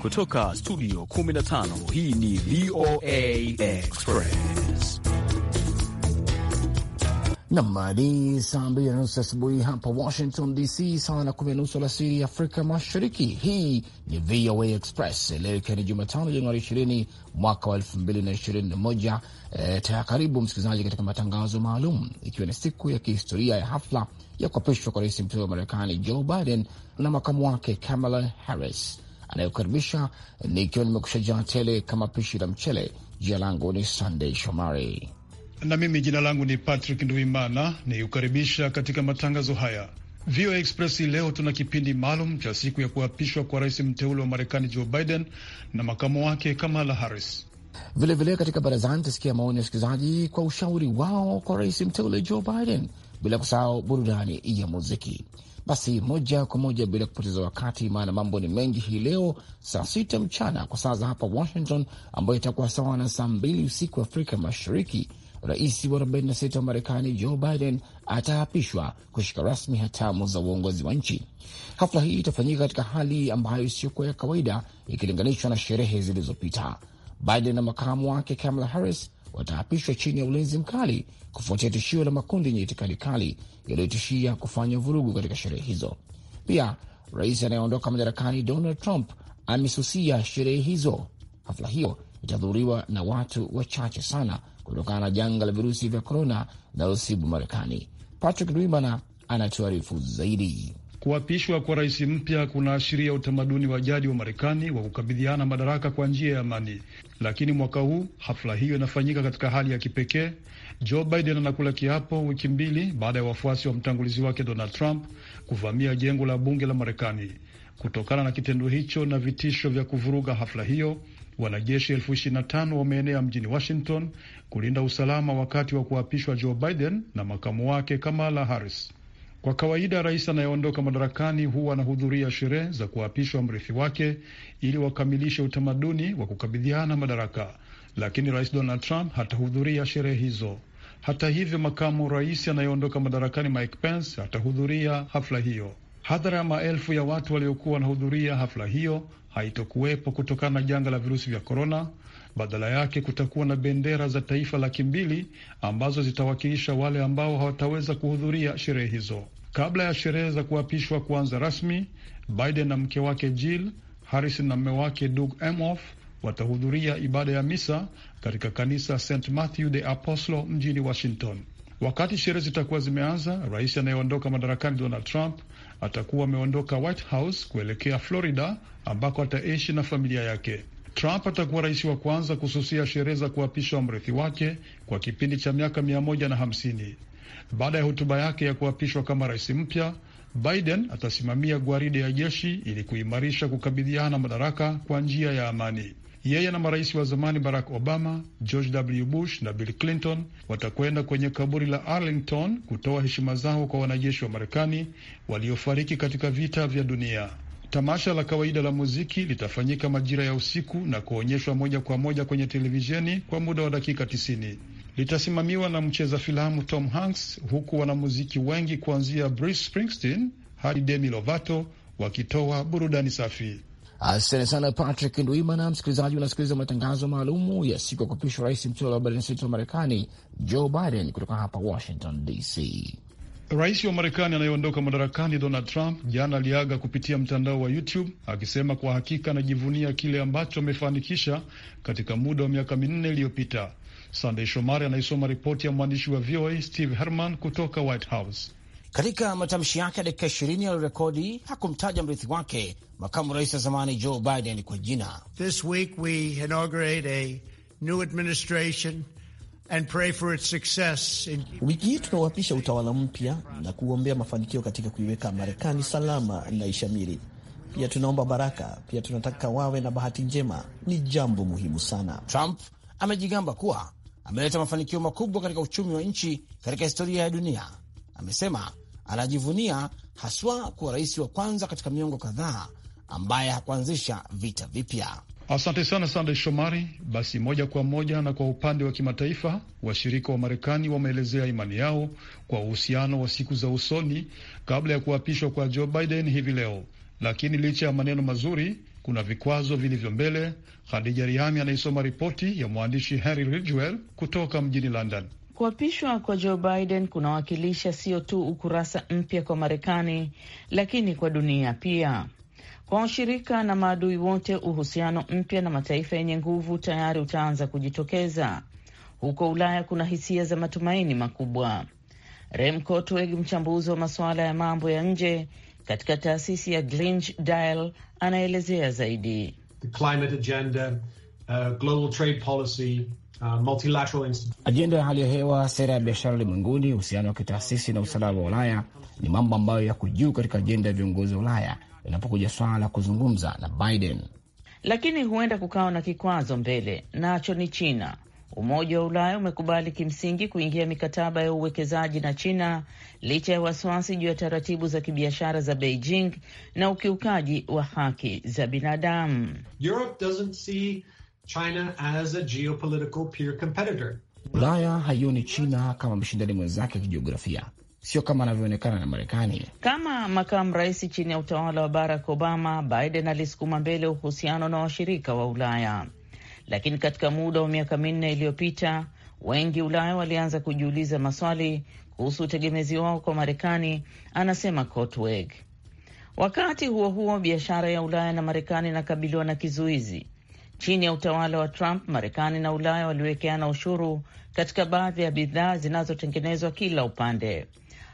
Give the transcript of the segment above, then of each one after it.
Kutoka studio 15 hii ni VOA Express. Nam ni saa mbili na nusu asubuhi hapa Washington DC, sawa na kumi na nusu alasiri Afrika Mashariki. Hii ni VOA Express leo ikiwa ni Jumatano, Januari ishirini mwaka wa elfu mbili na ishirini na moja. E, eh, taa karibu msikilizaji katika matangazo maalum, ikiwa ni siku ya kihistoria ya hafla ya kuapishwa kwa rais mteule wa Marekani Joe Biden na makamu wake Kamala Harris anayokaribisha nikiwa nimekushajaa tele kama pishi la mchele. Jina langu ni sandey Shomari na mimi jina langu ni Patrick Nduimana ni katika matangazo haya VOA Express. Leo tuna kipindi maalum cha siku ya kuapishwa kwa rais mteule wa Marekani Joe Biden na makamu wake Kamala Harris. Vilevile vile katika barazani tasikia maoni ya wasikilizaji kwa ushauri wao kwa rais mteule Joe Biden, bila kusahau burudani ya muziki. Basi moja kwa moja bila kupoteza wakati, maana mambo ni mengi hii leo. Saa sita mchana kwa saa za hapa Washington, ambayo itakuwa sawa na saa mbili usiku Afrika Mashariki, rais wa 46 wa Marekani Joe Biden ataapishwa kushika rasmi hatamu za uongozi wa nchi. Hafla hii itafanyika katika hali ambayo isiyokuwa ya kawaida ikilinganishwa na sherehe zilizopita. Biden na makamu wake Kamala Harris wataapishwa chini ya ulinzi mkali kufuatia tishio la makundi yenye itikadi kali yaliyotishia kufanya vurugu katika sherehe hizo. Pia rais anayeondoka madarakani Donald Trump amesusia sherehe hizo. Hafla hiyo itadhuriwa na watu wachache sana kutokana na janga la virusi vya korona linalosibu Marekani. Patrick Dwimana anatuarifu zaidi. Kuapishwa kwa rais mpya kunaashiria utamaduni wa jadi wa Marekani wa kukabidhiana madaraka kwa njia ya amani, lakini mwaka huu hafla hiyo inafanyika katika hali ya kipekee. Joe Biden anakula kiapo wiki mbili baada ya wafuasi wa mtangulizi wake Donald Trump kuvamia jengo la bunge la Marekani. Kutokana na kitendo hicho na vitisho vya kuvuruga hafla hiyo, wanajeshi elfu ishirini na tano wameenea mjini Washington kulinda usalama wakati wa kuapishwa Joe Biden na makamu wake Kamala Harris. Kwa kawaida rais anayeondoka madarakani huwa anahudhuria sherehe za kuapishwa mrithi wake ili wakamilishe utamaduni wa kukabidhiana madaraka, lakini rais Donald Trump hatahudhuria sherehe hizo. Hata hivyo, makamu rais anayeondoka madarakani Mike Pence atahudhuria hafla hiyo. Hadhara ya maelfu ya watu waliokuwa wanahudhuria hafla hiyo haitokuwepo kutokana na janga la virusi vya korona badala yake kutakuwa na bendera za taifa laki mbili ambazo zitawakilisha wale ambao hawataweza kuhudhuria sherehe hizo. Kabla ya sherehe za kuapishwa kuanza rasmi, Biden na mke wake Jill, harris na mme wake Doug Emhoff watahudhuria ibada ya misa katika kanisa St Matthew the Apostle mjini Washington. Wakati sherehe zitakuwa zimeanza, rais anayeondoka madarakani Donald Trump atakuwa ameondoka White House kuelekea Florida ambako ataishi na familia yake. Trump atakuwa rais wa kwanza kususia sherehe za kuapishwa mrithi wake kwa kipindi cha miaka mia moja na hamsini. Baada ya hotuba yake ya kuapishwa kama rais mpya, Biden atasimamia gwaride ya jeshi ili kuimarisha kukabidhiana madaraka kwa njia ya amani. Yeye na marais wa zamani Barack Obama, George W. Bush na Bill Clinton watakwenda kwenye kaburi la Arlington kutoa heshima zao kwa wanajeshi wa Marekani waliofariki katika vita vya dunia. Tamasha la kawaida la muziki litafanyika majira ya usiku na kuonyeshwa moja kwa moja kwenye televisheni kwa muda wa dakika 90. Litasimamiwa na mcheza filamu Tom Hanks, huku wanamuziki wengi kuanzia Bruce Springsteen hadi Demi Lovato wakitoa burudani safi. Asante sana Patrick Ndwimana. Msikilizaji, unasikiliza matangazo maalumu ya siku ya kuapishwa rais mteule wa habari na sita wa Marekani Joe Biden kutoka hapa Washington DC. Rais wa Marekani anayeondoka madarakani Donald Trump jana aliaga kupitia mtandao wa YouTube akisema kwa hakika anajivunia kile ambacho amefanikisha katika muda wa miaka minne iliyopita. Sandey Shomari anaisoma ripoti ya mwandishi wa VOA Steve Herman kutoka White House. Katika matamshi yake ya dakika ishirini yaliyorekodi hakumtaja mrithi wake makamu rais wa zamani Joe Biden kwa jina. This week we inaugurate a new administration And pray for its success in... Wiki hii tunauapisha utawala mpya na kuombea mafanikio katika kuiweka Marekani salama na ishamiri. Pia tunaomba baraka, pia tunataka wawe na bahati njema. Ni jambo muhimu sana. Trump amejigamba kuwa ameleta mafanikio makubwa katika uchumi wa nchi katika historia ya dunia. Amesema anajivunia haswa kuwa rais wa kwanza katika miongo kadhaa ambaye hakuanzisha vita vipya. Asante sana Sande Shomari. Basi moja kwa moja na kwa upande wa kimataifa, washirika wa Marekani wameelezea imani yao kwa uhusiano wa siku za usoni kabla ya kuapishwa kwa Joe Biden hivi leo. Lakini licha ya maneno mazuri, kuna vikwazo vilivyo mbele. Khadija Riami anaisoma ripoti ya mwandishi Henry Ridgwell kutoka mjini London. Kuapishwa kwa Joe Biden kunawakilisha sio tu ukurasa mpya kwa Marekani, lakini kwa dunia pia kwa washirika na maadui wote. Uhusiano mpya na mataifa yenye nguvu tayari utaanza kujitokeza. Huko Ulaya kuna hisia za matumaini makubwa. Rem Kortweg, mchambuzi wa masuala ya mambo ya nje katika taasisi ya Grinch Dial, anaelezea zaidi. The climate agenda, uh, global trade policy, uh, multilateral ajenda ya hali ya hewa, sera ya biashara ulimwenguni, uhusiano wa kitaasisi na usalama wa Ulaya ni mambo ambayo yako juu katika ajenda ya viongozi wa Ulaya linapokuja swala la kuzungumza na Biden, lakini huenda kukawa na kikwazo mbele, nacho ni China. Umoja wa Ulaya umekubali kimsingi kuingia mikataba ya uwekezaji na China licha ya wasiwasi juu ya taratibu za kibiashara za Beijing na ukiukaji wa haki za binadamu. Ulaya haioni China kama mshindani mwenzake wa kijiografia sio kama anavyoonekana na Marekani. Kama makamu rais chini ya utawala wa Barack Obama, Biden alisukuma mbele uhusiano na washirika wa Ulaya, lakini katika muda wa miaka minne iliyopita wengi Ulaya walianza kujiuliza maswali kuhusu utegemezi wao kwa Marekani, anasema Cotweg. Wakati huo huo, biashara ya Ulaya na Marekani inakabiliwa na kizuizi. Chini ya utawala wa Trump, Marekani na Ulaya waliwekeana ushuru katika baadhi ya bidhaa zinazotengenezwa kila upande.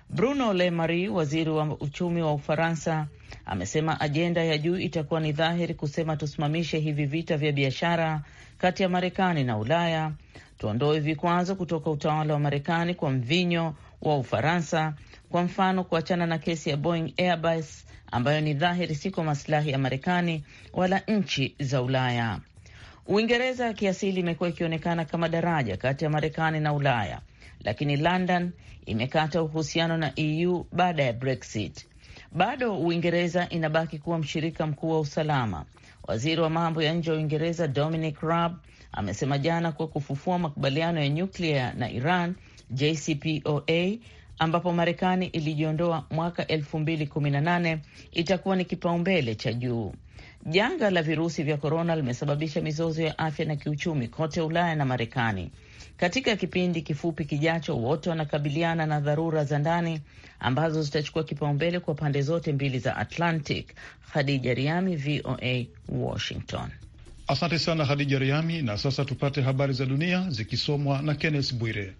Bruno Le Maire, waziri wa uchumi wa Ufaransa, amesema ajenda ya juu itakuwa ni dhahiri kusema tusimamishe hivi vita vya biashara kati ya Marekani na Ulaya, tuondoe vikwazo kutoka utawala wa Marekani kwa mvinyo wa Ufaransa, kwa mfano kuachana na kesi ya Boeing Airbus ambayo ni dhahiri si kwa masilahi ya Marekani wala nchi za Ulaya. Uingereza kiasili imekuwa ikionekana kama daraja kati ya Marekani na Ulaya lakini London imekata uhusiano na EU baada ya Brexit. Bado Uingereza inabaki kuwa mshirika mkuu wa usalama. Waziri wa mambo ya nje wa Uingereza Dominic Raab amesema jana kuwa kufufua makubaliano ya nyuklia na Iran JCPOA ambapo Marekani ilijiondoa mwaka 2018 itakuwa ni kipaumbele cha juu. Janga la virusi vya korona limesababisha mizozo ya afya na kiuchumi kote Ulaya na Marekani. Katika kipindi kifupi kijacho, wote wanakabiliana na dharura za ndani ambazo zitachukua kipaumbele kwa pande zote mbili za Atlantic. Khadija Riami, VOA, Washington. Asante sana Khadija Riami, na sasa tupate habari za dunia zikisomwa na Kenneth Bwire.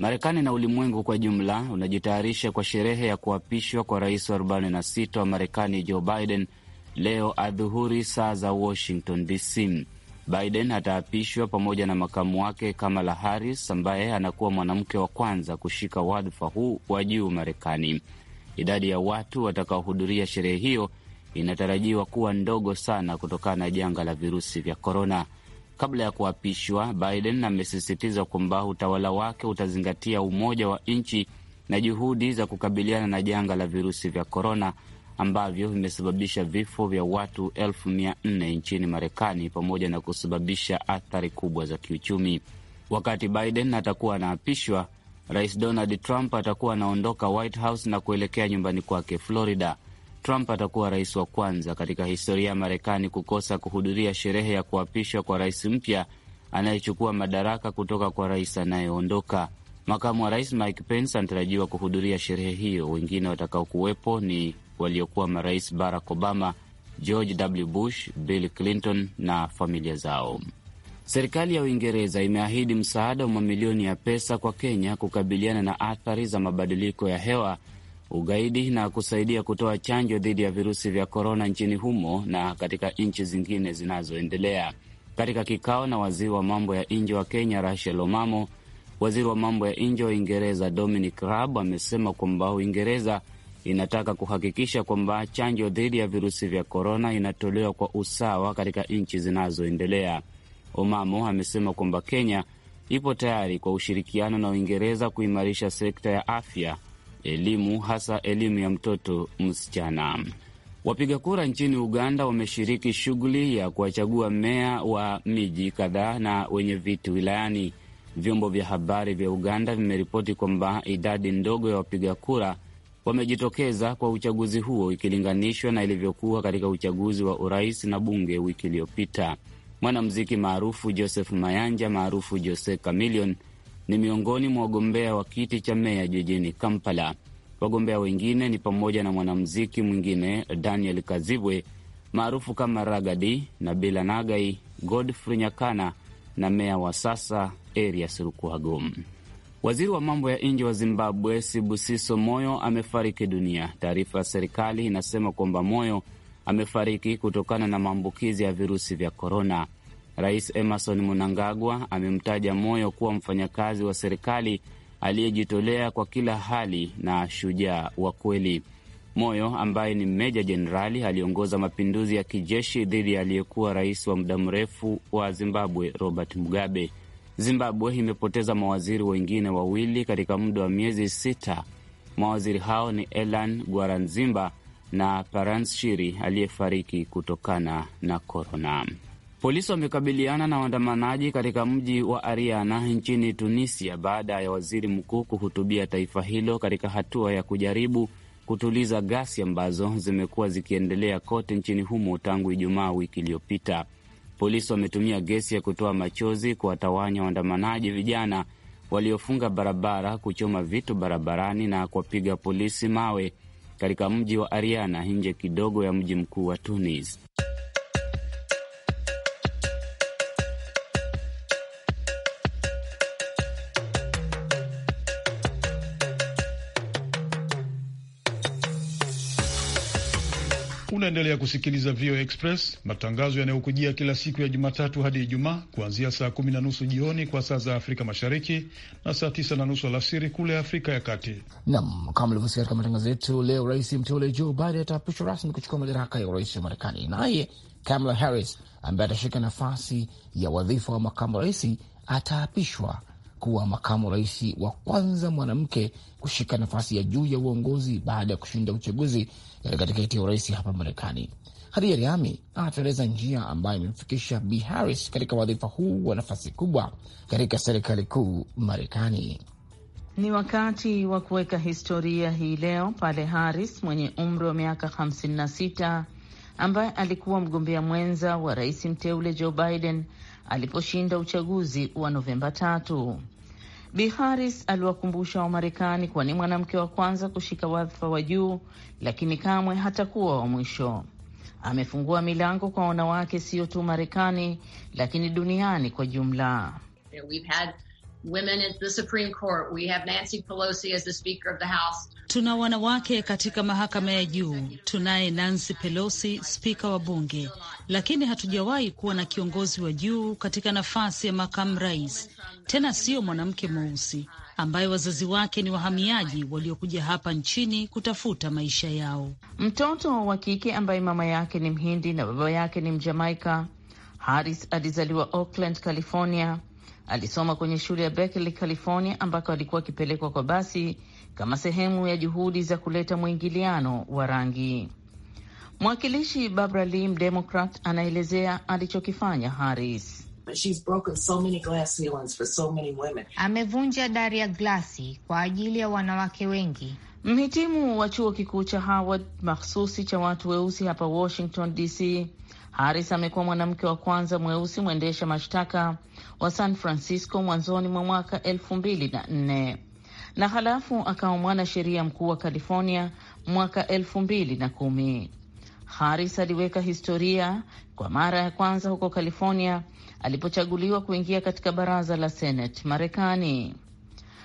Marekani na ulimwengu kwa jumla unajitayarisha kwa sherehe ya kuapishwa kwa rais wa 46 wa Marekani Joe Biden leo adhuhuri saa za Washington DC. Biden ataapishwa pamoja na makamu wake Kamala Harris ambaye anakuwa mwanamke wa kwanza kushika wadhifa huu wa juu Marekani. Idadi ya watu watakaohudhuria sherehe hiyo inatarajiwa kuwa ndogo sana kutokana na janga la virusi vya korona. Kabla ya kuapishwa, Biden amesisitiza kwamba utawala wake utazingatia umoja wa nchi na juhudi za kukabiliana na janga la virusi vya korona ambavyo vimesababisha vifo vya watu elfu mia nne nchini Marekani pamoja na kusababisha athari kubwa za kiuchumi. Wakati Biden atakuwa anaapishwa, Rais Donald Trump atakuwa anaondoka White House na kuelekea nyumbani kwake Florida. Trump atakuwa rais wa kwanza katika historia ya Marekani kukosa kuhudhuria sherehe ya kuapishwa kwa rais mpya anayechukua madaraka kutoka kwa rais anayeondoka. Makamu wa rais Mike Pence anatarajiwa kuhudhuria sherehe hiyo. Wengine watakaokuwepo ni waliokuwa marais Barack Obama, George W. Bush, Bill Clinton na familia zao. Serikali ya Uingereza imeahidi msaada wa mamilioni ya pesa kwa Kenya kukabiliana na athari za mabadiliko ya hewa ugaidi na kusaidia kutoa chanjo dhidi ya virusi vya korona nchini humo na katika nchi zingine zinazoendelea. Katika kikao na waziri wa mambo ya nje wa Kenya Rachel Omamo, waziri wa mambo ya nje wa Uingereza Dominic Raab amesema kwamba Uingereza inataka kuhakikisha kwamba chanjo dhidi ya virusi vya korona inatolewa kwa usawa katika nchi zinazoendelea. Omamo amesema kwamba Kenya ipo tayari kwa ushirikiano na Uingereza kuimarisha sekta ya afya elimu, hasa elimu ya mtoto msichana. Wapiga kura nchini Uganda wameshiriki shughuli ya kuwachagua meya wa miji kadhaa na wenye viti wilayani. Vyombo vya habari vya Uganda vimeripoti kwamba idadi ndogo ya wapiga kura wamejitokeza kwa uchaguzi huo ikilinganishwa na ilivyokuwa katika uchaguzi wa urais na bunge wiki iliyopita. Mwanamuziki maarufu Joseph Mayanja maarufu Jose Chameleone ni miongoni mwa wagombea wa kiti cha meya jijini Kampala. Wagombea wengine ni pamoja na mwanamuziki mwingine Daniel Kazibwe maarufu kama Ragadi, Nabila Nagai, Godfrey Nyakana na meya wa sasa Erias Lukwago. Waziri wa mambo ya nje wa Zimbabwe Sibusiso Moyo amefariki dunia. Taarifa ya serikali inasema kwamba Moyo amefariki kutokana na maambukizi ya virusi vya korona. Rais Emerson Mnangagwa amemtaja Moyo kuwa mfanyakazi wa serikali aliyejitolea kwa kila hali na shujaa wa kweli. Moyo ambaye ni meja jenerali aliongoza mapinduzi ya kijeshi dhidi ya aliyekuwa rais wa muda mrefu wa Zimbabwe Robert Mugabe. Zimbabwe imepoteza mawaziri wengine wawili katika muda wa miezi sita. Mawaziri hao ni Elan guaranzimba na Paranshiri aliyefariki kutokana na korona. Polisi wamekabiliana na waandamanaji katika mji wa Ariana nchini Tunisia baada ya waziri mkuu kuhutubia taifa hilo katika hatua ya kujaribu kutuliza ghasia ambazo zimekuwa zikiendelea kote nchini humo tangu Ijumaa wiki iliyopita. Polisi wametumia gesi ya kutoa machozi kuwatawanya waandamanaji vijana waliofunga barabara, kuchoma vitu barabarani na kuwapiga polisi mawe katika mji wa Ariana, nje kidogo ya mji mkuu wa Tunis. Unaendelea kusikiliza VOA Express, matangazo yanayokujia kila siku ya Jumatatu hadi Ijumaa kuanzia saa kumi na nusu jioni kwa saa za Afrika Mashariki na saa tisa na nusu alasiri kule Afrika ya Kati. Nam, kama mlivyosikia katika matangazo yetu leo, rais mteule Joe Biden ataapishwa rasmi kuchukua madaraka ya urais wa Marekani, naye Kamala Harris ambaye atashika nafasi ya wadhifa wa makamu wa rais ataapishwa kuwa makamu rais wa kwanza mwanamke kushika nafasi ya juu ya uongozi baada ya kushinda uchaguzi eh, katika tiketi ya urais hapa Marekani. Hadija Riami anatueleza njia ambayo imemfikisha B Harris katika wadhifa huu wa nafasi kubwa katika serikali kuu Marekani. Ni wakati wa kuweka historia hii leo pale Harris mwenye umri wa miaka 56 ambaye alikuwa mgombea mwenza wa rais mteule Joe Biden aliposhinda uchaguzi wa Novemba tatu. Bi Harris aliwakumbusha Wamarekani kuwa ni mwanamke wa kwanza kushika wadhifa wa juu, lakini kamwe hatakuwa wa mwisho. Amefungua milango kwa wanawake, sio tu Marekani lakini duniani kwa jumla. We've had women in the Supreme Court. We have Nancy Pelosi as the Speaker of the House. Tuna wanawake katika mahakama ya juu, tunaye Nancy Pelosi, spika wa bunge, lakini hatujawahi kuwa na kiongozi wa juu katika nafasi ya makamu rais, tena siyo mwanamke mweusi ambaye wazazi wake ni wahamiaji waliokuja hapa nchini kutafuta maisha yao. Mtoto wa kike ambaye mama yake ni mhindi na baba yake ni Mjamaika, Harris alizaliwa Oakland, California. Alisoma kwenye shule ya Berkeley, California, ambako alikuwa akipelekwa kwa basi kama sehemu ya juhudi za kuleta mwingiliano wa rangi. Mwakilishi Barbara Lee, Mdemokrat, anaelezea alichokifanya Harris. amevunja dari ya glasi kwa ajili ya wanawake wengi. Mhitimu wa chuo kikuu cha Howard mahsusi cha watu weusi hapa Washington DC, Harris amekuwa mwanamke wa kwanza mweusi mwendesha mashtaka wa San Francisco mwanzoni mwa mwaka elfu mbili na nne na halafu akawa mwanasheria mkuu wa California mwaka elfu mbili na kumi. Harris aliweka historia kwa mara ya kwanza huko California alipochaguliwa kuingia katika baraza la Senate Marekani.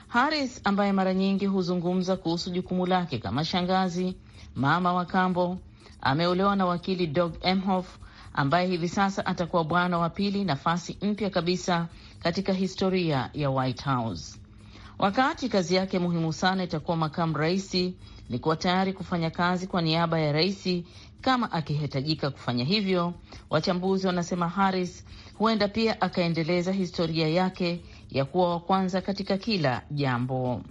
Harris ambaye mara nyingi huzungumza kuhusu jukumu lake kama shangazi, mama wa kambo, ameolewa na wakili Doug Emhoff ambaye hivi sasa atakuwa bwana wa pili, nafasi mpya kabisa katika historia ya White House wakati kazi yake muhimu sana itakuwa makamu raisi ni kuwa tayari kufanya kazi kwa niaba ya raisi kama akihitajika kufanya hivyo. Wachambuzi wanasema Harris huenda pia akaendeleza historia yake ya kuwa wa kwanza katika kila jambo.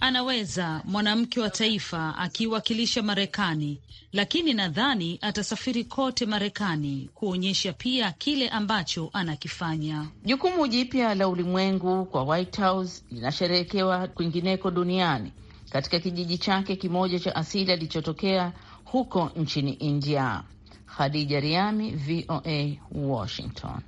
Anaweza mwanamke wa taifa akiwakilisha Marekani, lakini nadhani atasafiri kote Marekani kuonyesha pia kile ambacho anakifanya. Jukumu jipya la ulimwengu kwa White House linasherehekewa kwingineko duniani katika kijiji chake kimoja cha asili alichotokea huko nchini India. Khadija Riami, VOA, Washington.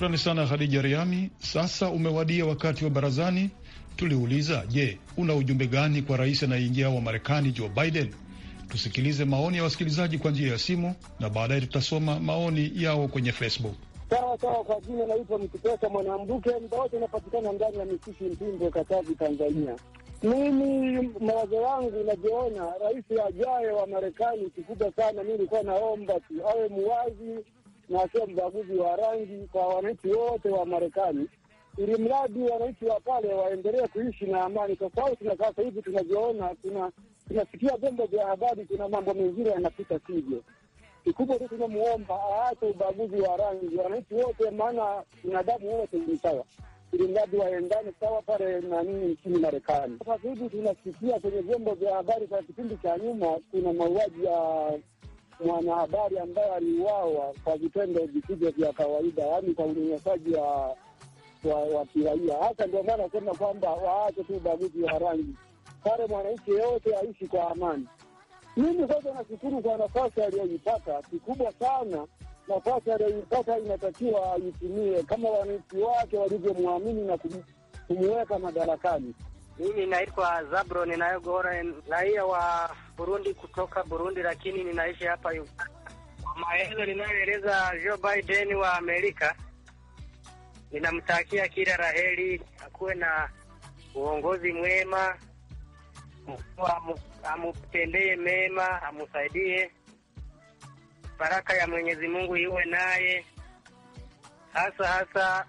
Shukrani sana Khadija Riami. Sasa umewadia wakati wa barazani. Tuliuliza, je, una ujumbe gani kwa rais anayeingia wa Marekani Joe Biden? Tusikilize maoni ya wasikilizaji kwa njia ya simu na baadaye tutasoma maoni yao kwenye Facebook. Sawa sawa, kwa jina naitwa Mtupesa Mwanambuke, mda wote inapatikana ndani ya misitu Mpimbwe, Katavi, Tanzania. Mimi mawazo yangu najiona rais ajaye wa Marekani kikubwa sana, mi nilikuwa naomba tu awe muwazi na sio mbaguzi wa rangi kwa wananchi wote wa Marekani, ili mradi wananchi wa pale waendelee kuishi na amani, tofauti na sasa hivi tunavyoona. Tunasikia vyombo vya habari, kuna mambo mengine yanapita sivyo. Kikubwa tu tunamuomba aache ubaguzi wa rangi, wananchi wote, maana binadamu wote ni sawa ili mradi waendane sawa pale na nini nchini Marekani. Sasa hivi tunasikia kwenye vyombo vya habari kwa kipindi cha nyuma, kuna mauaji ya mwanahabari ambaye aliuawa kwa vitendo visivyo vya kawaida, yaani kwa unyanyasaji wa wa kiraia. Hasa ndio maana nasema kwamba waache tu ubaguzi wa rangi, pale mwananchi yeyote aishi kwa amani. Mimi sasa nashukuru kwa nafasi aliyoipata, kikubwa sana nafasi aliyoipata inatakiwa aitumie kama wananchi wake walivyomwamini na kumuweka madarakani. Mimi naitwa Zabron Nayogoren, raia wa Burundi kutoka Burundi, lakini ninaishi hapa Uganda. Kwa maelezo ninayoeleza Joe Biden wa Amerika, ninamtakia kila raheri akuwe na uongozi mwema, amutendee mema, amusaidie. Baraka ya Mwenyezi Mungu iwe naye hasa hasa,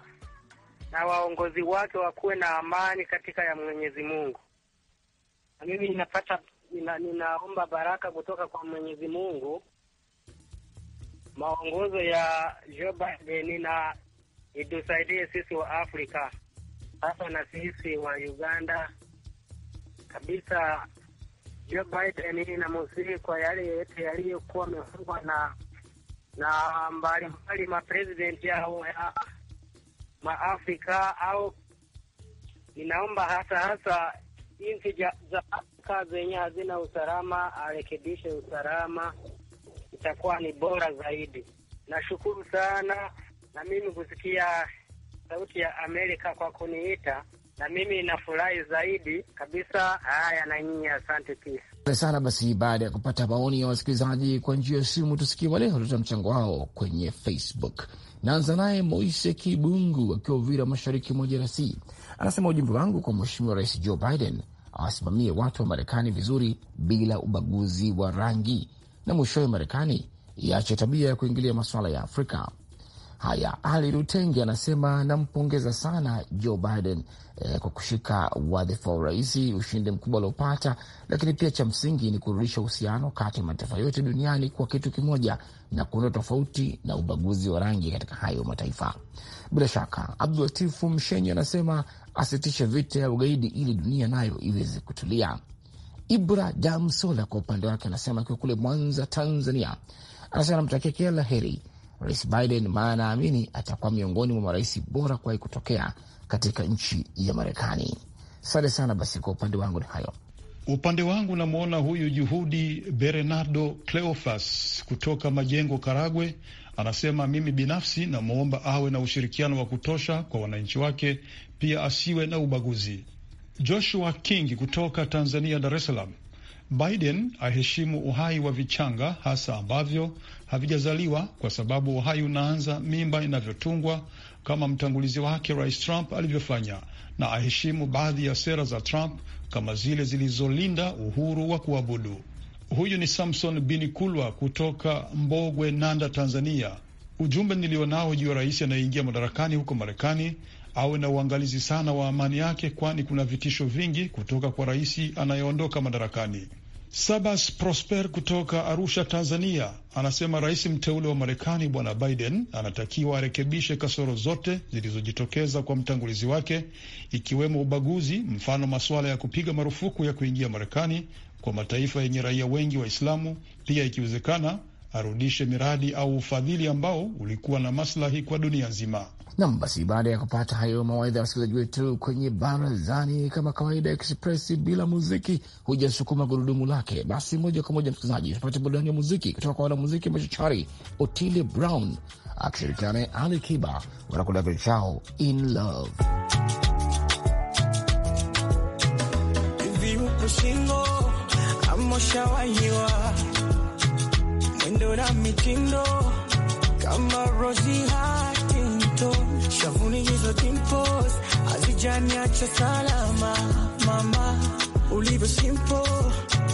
na waongozi wake wakuwe na amani katika ya Mwenyezi Mungu. Na mimi ninapata nina, ninaomba baraka kutoka kwa Mwenyezi Mungu, maongozo ya Joe eh, Biden na itusaidie sisi wa Afrika hasa na sisi wa Uganda kabisa. Joe Biden namusii kwa yale yote yaliyokuwa amefungwa na na mbalimbali mapresidenti yao ya maafrika au ninaomba hasa hasa jinsi za Afrika zenye hazina usalama arekebishe usalama, itakuwa ni bora zaidi. Nashukuru sana na mimi kusikia Sauti ya Amerika kwa kuniita, na mimi nafurahi zaidi kabisa. Haya, na nyinyi asante pia sana. Basi baada ya kupata maoni ya wasikilizaji kwa njia ya simu, tusikie wale walioleta mchango wao kwenye Facebook. Naanza naye Moise Kibungu akiwa Uvira, mashariki mwa DRC, anasema ujumbe wangu kwa Mheshimiwa Rais Joe Biden awasimamie watu wa Marekani vizuri bila ubaguzi wa rangi, na mwishowe Marekani iache tabia ya kuingilia masuala ya Afrika. Haya, Ali Rutenge anasema nampongeza sana Joe Biden eh, kwa kushika wadhifa wa urais, ushindi mkubwa aliopata, lakini pia cha msingi ni kurudisha uhusiano kati ya mataifa yote duniani kwa kitu kimoja na kuondoa tofauti na ubaguzi wa rangi katika hayo mataifa. Bila shaka, Abdulatifu Mshenyi anasema asitishe vita ya ugaidi ili dunia nayo iweze kutulia. Ibra Jamsola kwa upande wake anasema akiwa kule Mwanza, Tanzania, anasema anamtakia kila la heri Rais Biden, maana naamini atakuwa miongoni mwa marais bora kuwahi kutokea katika nchi ya Marekani. Asante sana. Basi kwa upande wangu ni hayo. Upande wangu namwona huyu Juhudi Berenardo Cleofas kutoka Majengo, Karagwe, anasema mimi binafsi namwomba awe na ushirikiano wa kutosha kwa wananchi wake pia asiwe na ubaguzi. Joshua King kutoka Tanzania, Dar es Salaam. Biden aheshimu uhai wa vichanga hasa ambavyo havijazaliwa kwa sababu uhai unaanza mimba inavyotungwa kama mtangulizi wake Rais Trump alivyofanya, na aheshimu baadhi ya sera za Trump kama zile zilizolinda uhuru wa kuabudu. Huyu ni Samson Binikulwa kutoka Mbogwe, Nanda, Tanzania. Ujumbe nilionao juu ya rais anayeingia madarakani huko Marekani awe na uangalizi sana wa amani yake, kwani kuna vitisho vingi kutoka kwa rais anayeondoka madarakani. Sabas Prosper kutoka Arusha, Tanzania, anasema rais mteule wa Marekani Bwana Biden anatakiwa arekebishe kasoro zote zilizojitokeza kwa mtangulizi wake, ikiwemo ubaguzi, mfano masuala ya kupiga marufuku ya kuingia Marekani kwa mataifa yenye raia wengi Waislamu. Pia ikiwezekana, arudishe miradi au ufadhili ambao ulikuwa na maslahi kwa dunia nzima. Nam, basi baada ya kupata hayo mawaidha ya wasikilizaji wetu kwenye barazani, kama kawaida Express bila muziki hujasukuma gurudumu lake. Basi moja kwa moja, msikilizaji, tupate burudani ya muziki kutoka kwa wanamuziki machachari Otile Brown akishirikiana Ali Kiba wanakula vile chao in love mwendo na mitindo kama Rosie moto shavuni hizo dimples hazijaniacha salama, mama ulivyo simple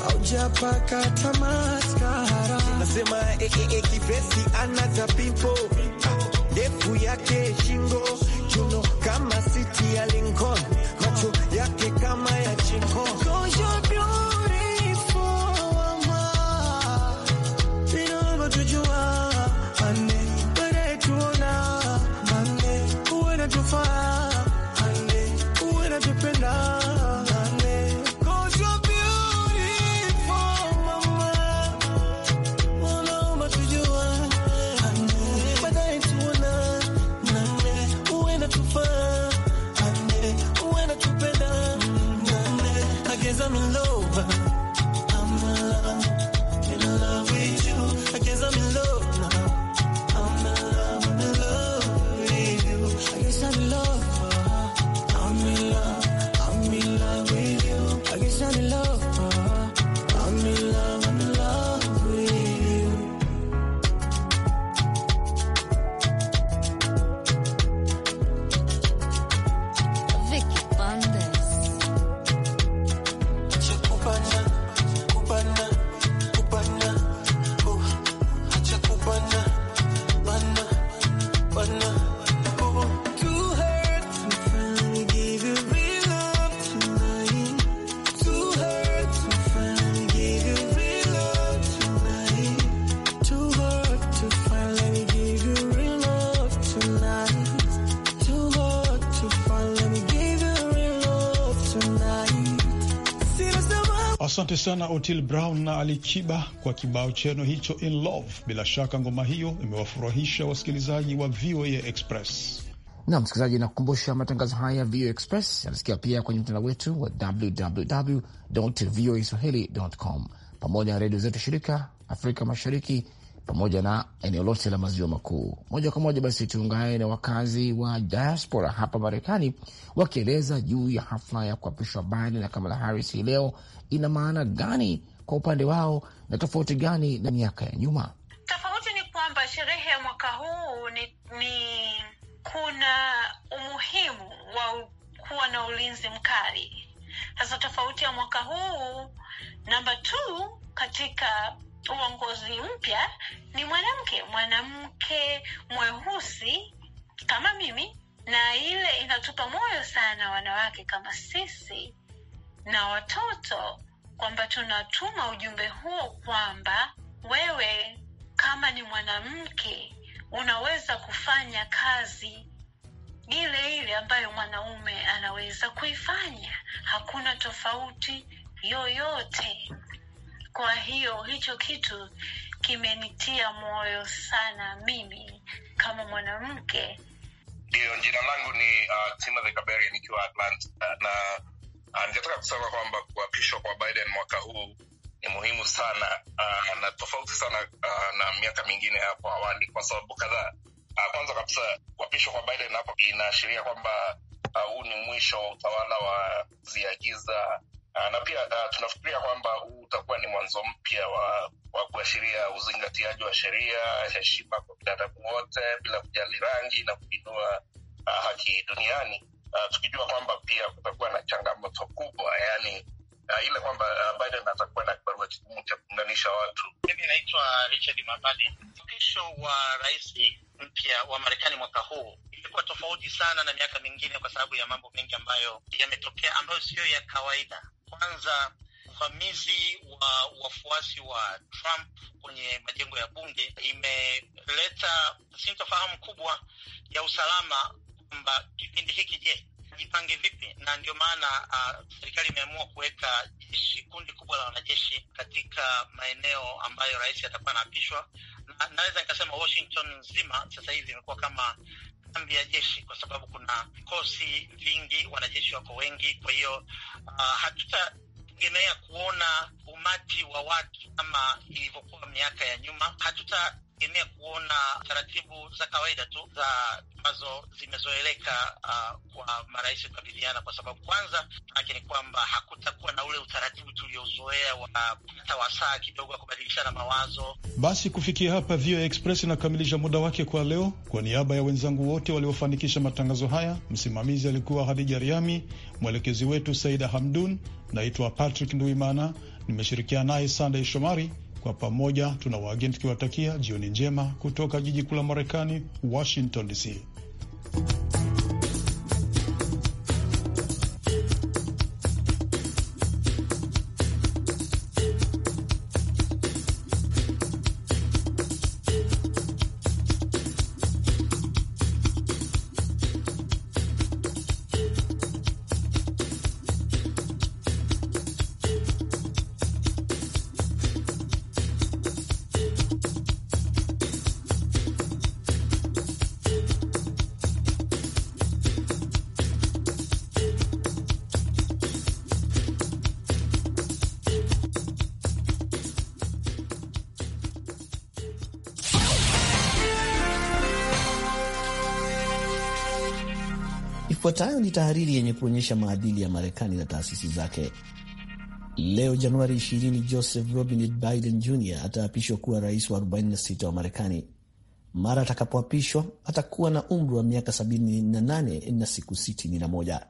haujapaka tamaskara nasema eh, eh, eh, kipesi anata pimpo ndefu yake shingo chuno kama siti ya Lincoln macho yake kama ya chingo Lisa na Otil Brown na Alikiba kwa kibao cheno hicho In Love. Bila shaka ngoma hiyo imewafurahisha wasikilizaji wa VOA Express na msikilizaji, nakukumbusha matangazo haya ya VOA Express yanasikia pia kwenye mtandao wetu wa www voa swahili com, pamoja na redio zetu shirika Afrika Mashariki pamoja na eneo lote la maziwa makuu. Moja kwa moja basi tuungane na wakazi wa diaspora hapa Marekani wakieleza juu ya hafla ya kuapishwa Biden na Kamala Harris hii leo ina maana gani kwa upande wao na tofauti gani na miaka ya nyuma. Tofauti ni kwamba sherehe ya mwaka huu ni, ni kuna umuhimu wa kuwa na ulinzi mkali. Sasa tofauti ya mwaka huu namba tu katika uongozi mpya ni mwanamke, mwanamke mweusi kama mimi, na ile inatupa moyo sana wanawake kama sisi na watoto kwamba tunatuma ujumbe huo kwamba wewe kama ni mwanamke unaweza kufanya kazi ile ile ambayo mwanaume anaweza kuifanya. Hakuna tofauti yoyote. Kwa hiyo hicho kitu kimenitia moyo sana mimi kama mwanamke. ndio jina langu ni uh, Timothy Kaberi nikiwa Atlanta na uh, ningetaka kusema kwamba kuapishwa kwa Biden mwaka huu ni muhimu sana uh, na tofauti sana uh, na miaka mingine hapo awali kwa sababu kadhaa. Uh, kwanza kabisa kuapishwa kwa Biden hapo inaashiria kwamba uh, huu uh, ni mwisho wa utawala wa ziagiza Ah, na pia uh, tunafikiria kwamba huu utakuwa ni mwanzo mpya wa, wa kuashiria uzingatiaji wa sheria, heshima kwa binadamu wote bila kujali rangi na kuinua uh, haki duniani uh, tukijua kwamba pia kutakuwa na changamoto kubwa yani uh, ile kwamba uh, Biden atakuwa na kibarua kigumu cha kuunganisha watu. Mimi naitwa Richard Mabadi. Mpisho wa rais mpya wa Marekani mwaka huu imekuwa tofauti sana na miaka mingine kwa sababu ya mambo mengi ambayo yametokea ambayo siyo ya kawaida kwanza uvamizi wa wafuasi wa Trump kwenye majengo ya bunge imeleta sintofahamu kubwa ya usalama, kwamba kipindi hiki, je, jipange vipi? Na ndio maana uh, serikali imeamua kuweka jeshi, kundi kubwa la wanajeshi katika maeneo ambayo rais atakuwa anaapishwa, na naweza nikasema Washington nzima sasa hivi imekuwa kama kambi ya jeshi, kwa sababu kuna vikosi vingi, wanajeshi wako wengi. Kwa hiyo uh, hatutategemea kuona umati wa watu kama ilivyokuwa miaka ya nyuma, hatuta tegemea kuona taratibu za kawaida tu za ambazo zimezoeleka uh, kwa marais kukabiliana, kwa sababu kwanza manake ni kwamba hakutakuwa na ule utaratibu tuliozoea wa hata wasaa kidogo wa kubadilishana mawazo. Basi kufikia hapa, VOA Express inakamilisha muda wake kwa leo. Kwa niaba ya wenzangu wote waliofanikisha matangazo haya, msimamizi alikuwa Hadija Riami, mwelekezi wetu Saida Hamdun. Naitwa Patrick Nduimana, nimeshirikiana naye Sandey Shomari. Kwa pamoja tuna waageni tukiwatakia jioni njema kutoka jiji kuu la Marekani, Washington DC. ni tahariri yenye kuonyesha maadili ya Marekani na taasisi zake. Leo Januari 20, Joseph Robin Biden Jr ataapishwa kuwa rais wa 46 wa Marekani. Mara atakapoapishwa atakuwa na umri wa miaka 78 na siku 61.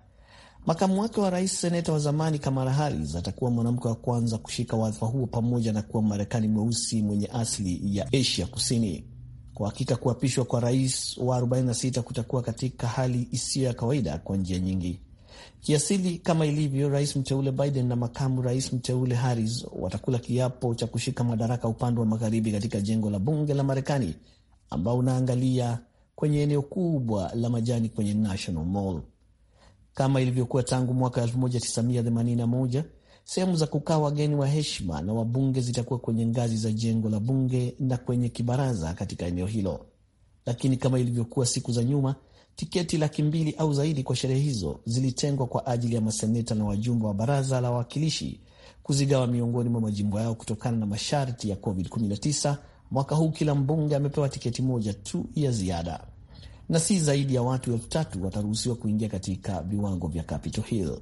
Makamu wake wa rais, seneta wa zamani Kamala Harris, atakuwa mwanamke wa kwanza kushika wadhifa huo pamoja na kuwa Marekani mweusi mwenye asili ya Asia Kusini. Kwa hakika kuapishwa kwa rais wa 46 kutakuwa katika hali isiyo ya kawaida kwa njia nyingi. Kiasili, kama ilivyo, rais mteule Biden na makamu rais mteule Harris watakula kiapo cha kushika madaraka upande wa magharibi katika jengo la bunge la Marekani, ambao unaangalia kwenye eneo kubwa la majani kwenye National Mall. Kama ilivyokuwa tangu mwaka 1981 Sehemu za kukaa wageni wa heshima na wabunge zitakuwa kwenye ngazi za jengo la bunge na kwenye kibaraza katika eneo hilo. Lakini kama ilivyokuwa siku za nyuma, tiketi laki mbili au zaidi kwa sherehe hizo zilitengwa kwa ajili ya maseneta na wajumbe wa baraza la wawakilishi kuzigawa miongoni mwa majimbo yao kutokana na masharti ya COVID-19. Mwaka huu kila mbunge amepewa tiketi moja tu ya ziada na si zaidi ya watu elfu tatu wataruhusiwa kuingia katika viwango vya Capitol Hill.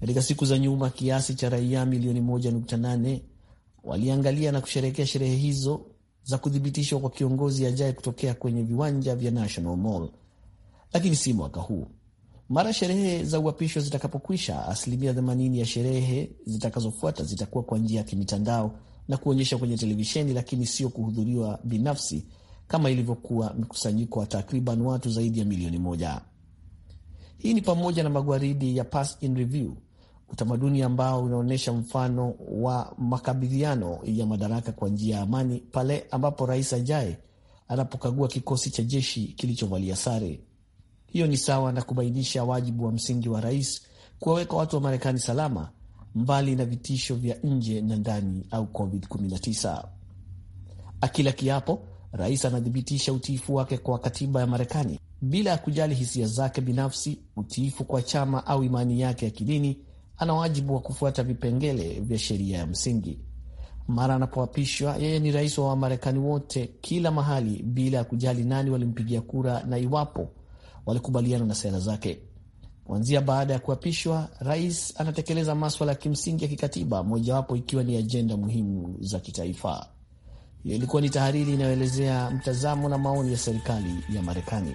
Katika siku za nyuma, kiasi cha raia milioni 1.8 waliangalia na kusherekea sherehe hizo za kuthibitishwa kwa kiongozi ajaye kutokea kwenye viwanja vya National Mall, lakini si mwaka huu. Mara sherehe za uhapishwa zitakapokwisha, asilimia 80 ya sherehe zitakazofuata zitakuwa kwa njia ya kimitandao na kuonyesha kwenye televisheni, lakini sio kuhudhuriwa binafsi kama ilivyokuwa mkusanyiko wa takriban watu zaidi ya milioni moja. Hii ni pamoja na magwaridi ya Pass in Review utamaduni ambao unaonyesha mfano wa makabidhiano ya madaraka kwa njia ya amani pale ambapo rais ajaye anapokagua kikosi cha jeshi kilichovalia sare. Hiyo ni sawa na kubainisha wajibu wa msingi wa rais kuwaweka watu wa Marekani salama mbali na vitisho vya nje na ndani au COVID-19. Akila kiapo, rais anathibitisha utiifu wake kwa katiba ya Marekani bila ya kujali hisia zake binafsi, utiifu kwa chama au imani yake ya kidini ana wajibu wa kufuata vipengele vya sheria ya msingi. Mara anapoapishwa, yeye ni rais wa Wamarekani wote kila mahali, bila ya kujali nani walimpigia kura na iwapo walikubaliana na sera zake. Kuanzia baada ya kuapishwa, rais anatekeleza maswala ya kimsingi ya kikatiba, mojawapo ikiwa ni ajenda muhimu za kitaifa. Hiyo ilikuwa ni tahariri inayoelezea mtazamo na maoni ya serikali ya Marekani.